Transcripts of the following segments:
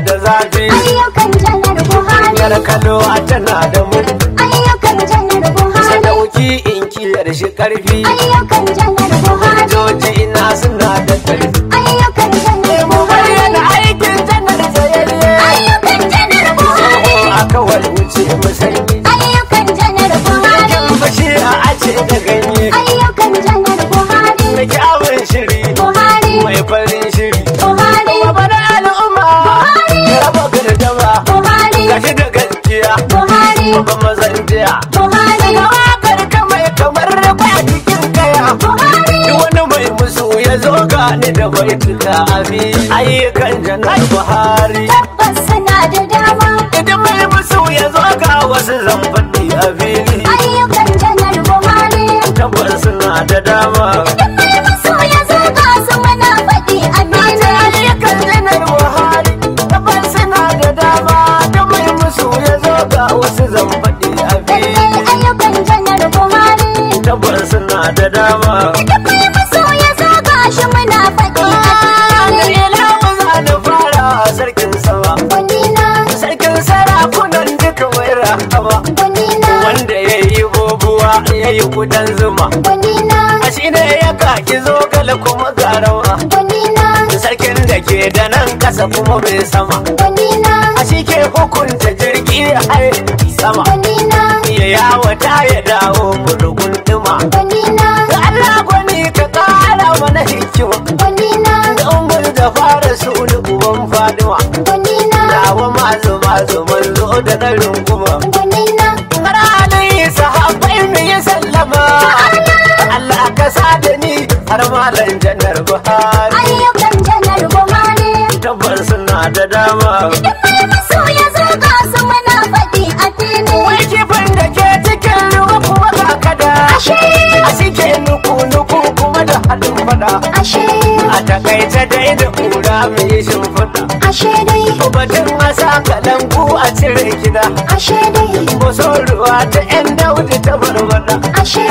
da zafi ayyukan janar buhari yar kano a tana da mu ayyukan janar buhari sadauki in kiyar shi karfi ayyukan janar buhari joji ina suna da ba mazan jiya daga wakar kamar kamar ba cikin kaya wani mai musu ya zo gani da bai tuta abi ayyukan janar buhari tabbas suna da dama idan mai musu ya zo ga wasu zamfani a fili ayyukan janar buhari tabbas suna da dama ya kudan zuma a shi ne ya kaki zo gala kuma garawa sarkin da ke da nan kasa kuma bai sama a shi ke hukunta jirgi hai sama ya ta ya dawo murugun duma da Allah gwani ka kara mana hikima da umar da fara su uban fadima da wa mazu mazu manzo da ɗarin kuma har malam janar buhari ayyukan janar buhari tabbas suna da dama duk mai maso ya zaga su muna faɗi a fili wai da ke cikin ruwa kuma ga kada ashe a suke nuku nuku kuma da haɗin faɗa ashe a takaice dai da kura mu yi shimfiɗa ashe dai batun masa kalangu a cire gida ashe dai boson ruwa ta 'yan daudi ta barbada ashe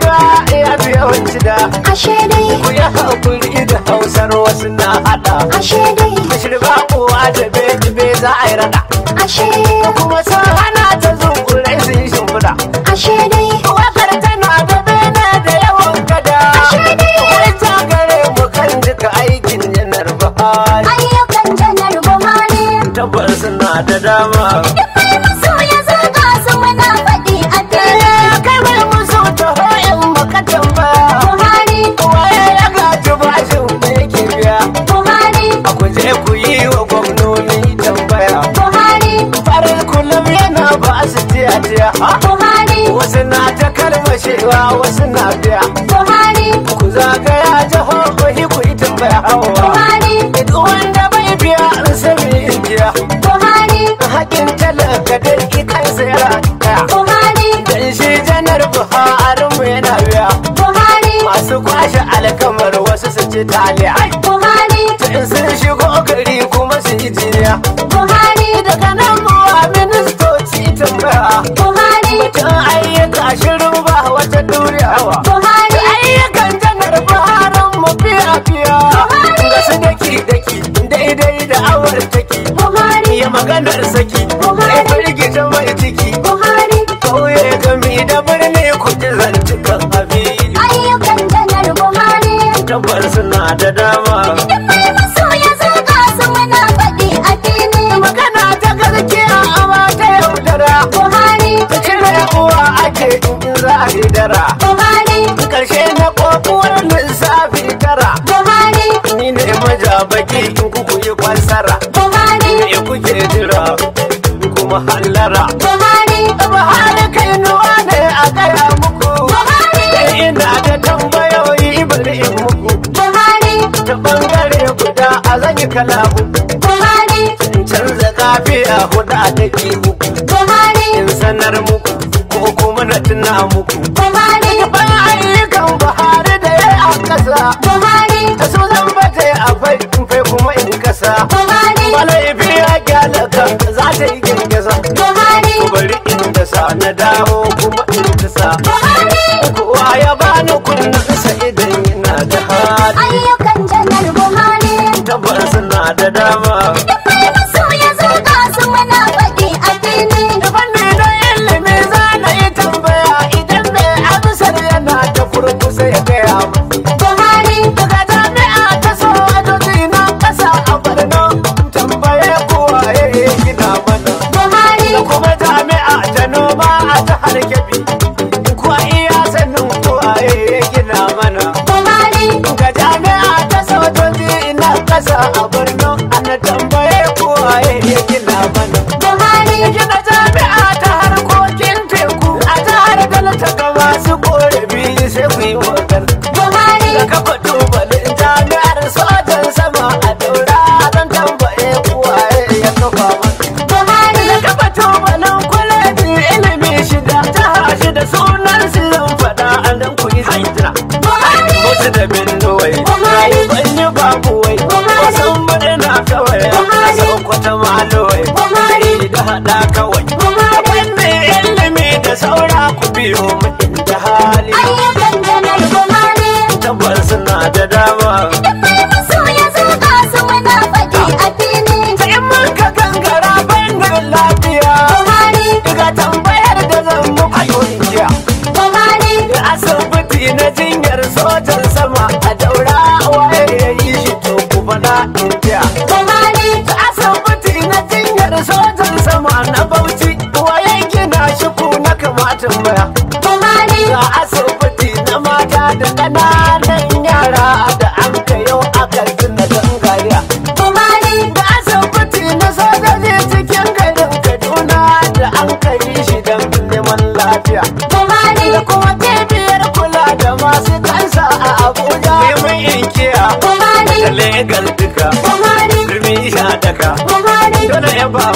da iya biyan da ashe dai ku ya hakuri da hausar wasu na hada ashe dai ku ba kowa da be za a yi rada ashe kuma sun hana ta zunkure sun yi shimfiɗa ashe dai wakar tana da bena da yawan gada ashe dai wai ta gare mu kan duka aikin yanar ba. ayyukan janar bahari tabbas suna da dama cewa wasu na biya. Buhari. Ku zagaya jihohi ku yi tambaya hawa. Buhari. Duk wanda bai biya an sami in biya. Buhari. Hakin talaka da ki kan sayar a kaya. Buhari. Dan shi janar Buhari mu yana biya. Buhari. Masu kwashe alkamar wasu su ci taliya. Buhari. Tun sun shigo gari kuma su yi jiniya. Buhari. Daga nan buwa ministoci tambaya. suna da dama idan mai masoya zaga su muna faɗi a fili magana ta gaskiya a mata yaudara buhari ka cire uwa ake in dara buhari karshe na kokuwar lissafi tara buhari ni ne majabaki in kuku yi kwansara buhari ne kuke jira kuma hallara kalabu buhari canza kafe a hudu a dake muku buhari in sanar muku ko kuma na tuna muku buhari ban ayyukan buhari da ya a ƙasa buhari da su zan bata a fai fai kuma in kasa buhari malai biya gyalaka za ta yi gangasa buhari ku bari in dasa na dawo faɗa kawai kuma wanne ilimi da saura ku biyo mu hali ayyukan janar goma ne tabbas suna da tambaya a asibiti na mata da ƙananan yara da an ka yau aka zina gangariya ga asibiti na sojoji cikin garin kaduna da an ka yi shi don neman lafiya da kuma cibiyar kula da masu kansa a abuja mai inkiya da legal duka rumi sha daga dole ya ba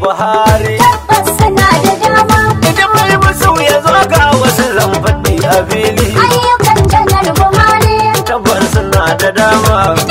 buhari tabbas suna da dama idan mai musu ya zo ga wasu zan a fili ayyukan janar buhari tabbas suna da dama